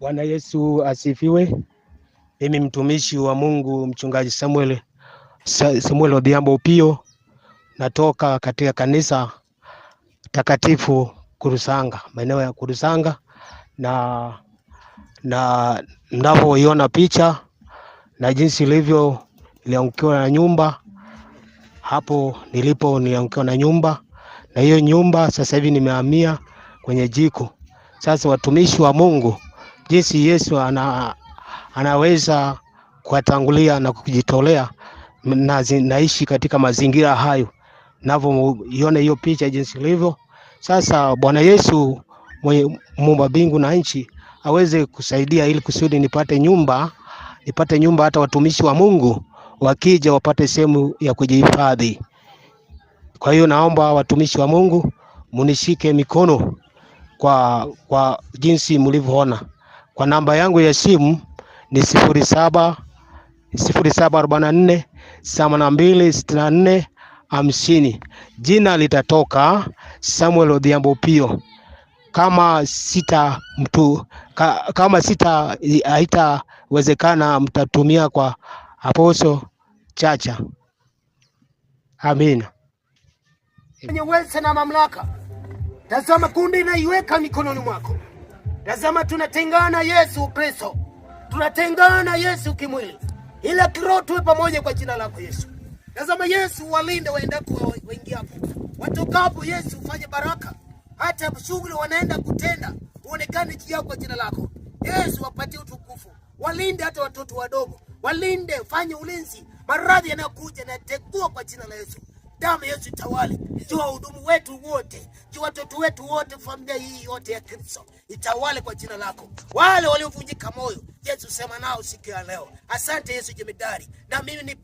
Bwana Yesu asifiwe. Mimi mtumishi wa Mungu mchungaji Samuel Samuel Odhiambo Upio natoka katika kanisa takatifu Kurusanga, maeneo ya Kurusanga na na mnavyoiona picha na jinsi ilivyo, niliangukiwa na nyumba hapo nilipo, niliangukiwa na nyumba, na hiyo nyumba sasa hivi nimehamia kwenye jiko. Sasa watumishi wa Mungu jinsi Yesu ana, anaweza kuwatangulia na kujitolea na naishi katika mazingira hayo, navyoione hiyo picha jinsi ilivyo. Sasa Bwana Yesu muumba mbingu na nchi aweze kusaidia ili kusudi nipate nyumba, nipate nyumba, hata watumishi wa Mungu wakija wapate sehemu ya kujihifadhi. Kwa hiyo naomba watumishi wa Mungu munishike mikono kwa, kwa jinsi mlivyoona. Kwa namba yangu ya simu ni sifuri saba sifuri saba arobaini na nne themanini na mbili sitini na nne hamsini. Jina litatoka Samuel Odhiambo Pio kama sita mtu ka, kama sita haitawezekana mtatumia kwa Apostle Chacha. Amina. Wenye uwezo na mamlaka, tazama kundi naiweka mikononi mwako Tazama, tunatengana Yesu Kristo, tunatengana Yesu kimwili, ila kiroho tuwe pamoja kwa jina lako Yesu. Tazama Yesu, walinde waendako, waingiako, watokapo. Yesu ufanye baraka, hata shughuli wanaenda kutenda uonekane juu yao kwa jina lako Yesu. Wapatie utukufu, walinde hata watoto wadogo, walinde, fanye ulinzi. Maradhi yanayokuja tekua kwa jina la Yesu. Damu Yesu itawale juu wahudumu wetu wote, juu watoto wetu wote, familia hii yote ya Kristo itawale kwa jina lako. Wale waliovunjika moyo, Yesu sema nao siku ya leo. Asante Yesu jemedari, na mimi ni